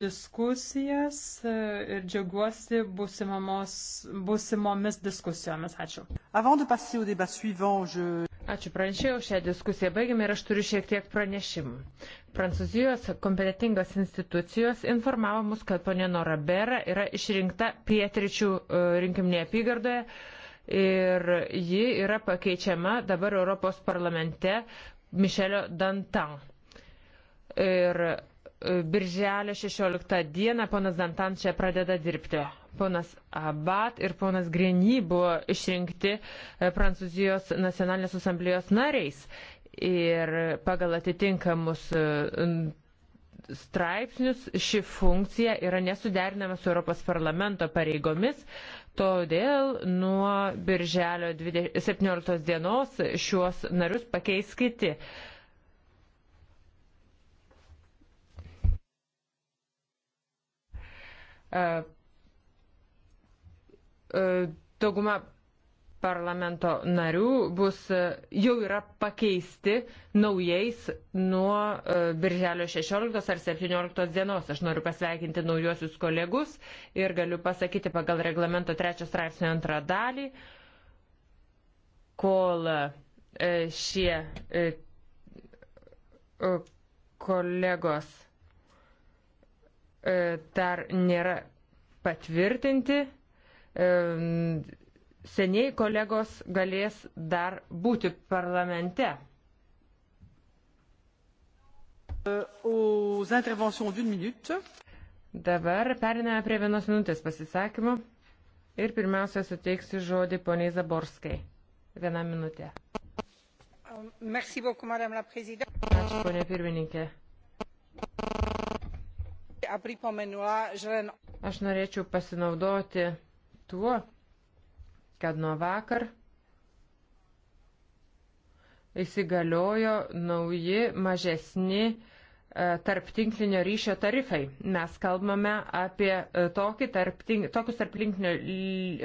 diskusijas e, ir džiaugiuosi būsimomis diskusijomis. Ačiū. Ačiū pranešėjau, šią diskusiją baigime ir aš turiu šiek tiek pranešimų. Prancūzijos kompetitingos institucijos informavo mus, kad ponė Nora Bera yra išrinkta pietričių e, rinkiminėje apygardoje. Ir ji yra pakeičiama dabar Europos parlamente Mišelio Dantan. Ir birželio 16 dieną ponas Dantan čia pradeda dirbti. Ponas Abat ir ponas Greny buvo išrinkti e, Prancūzijos nacionalinės asamblėjos nariais. Ir pagal atitinkamus e, straipsnius ši funkcija yra nesuderinama su Europos parlamento pareigomis, todėl nuo birželio 17 dienos šiuos narius pakeis kiti. Uh, E, e, dauguma parlamento narių bus, e, jau yra pakeisti naujais nuo birželio 16 ar 17 dienos. Aš noriu pasveikinti naujosius kolegus ir galiu pasakyti pagal reglamento 3 straipsnio antrą dalį, kol šie kolegos E, dar nėra patvirtinti. E, seniai kolegos galės dar būti parlamente. E, Dabar periname prie vienos minutės pasisakymų ir pirmiausia suteiksiu žodį poniai Zaborskai. Vieną minutę. Ačiū, ponė pirmininkė a pripomenula, že len... Aš norėčiau pasinaudoti tuo, kad nuo vakar įsigaliojo nauji mažesni e, tarptinklinio ryšio tarifai. Mes kalbame apie e, tokį tarptink, tokius tarptinklinio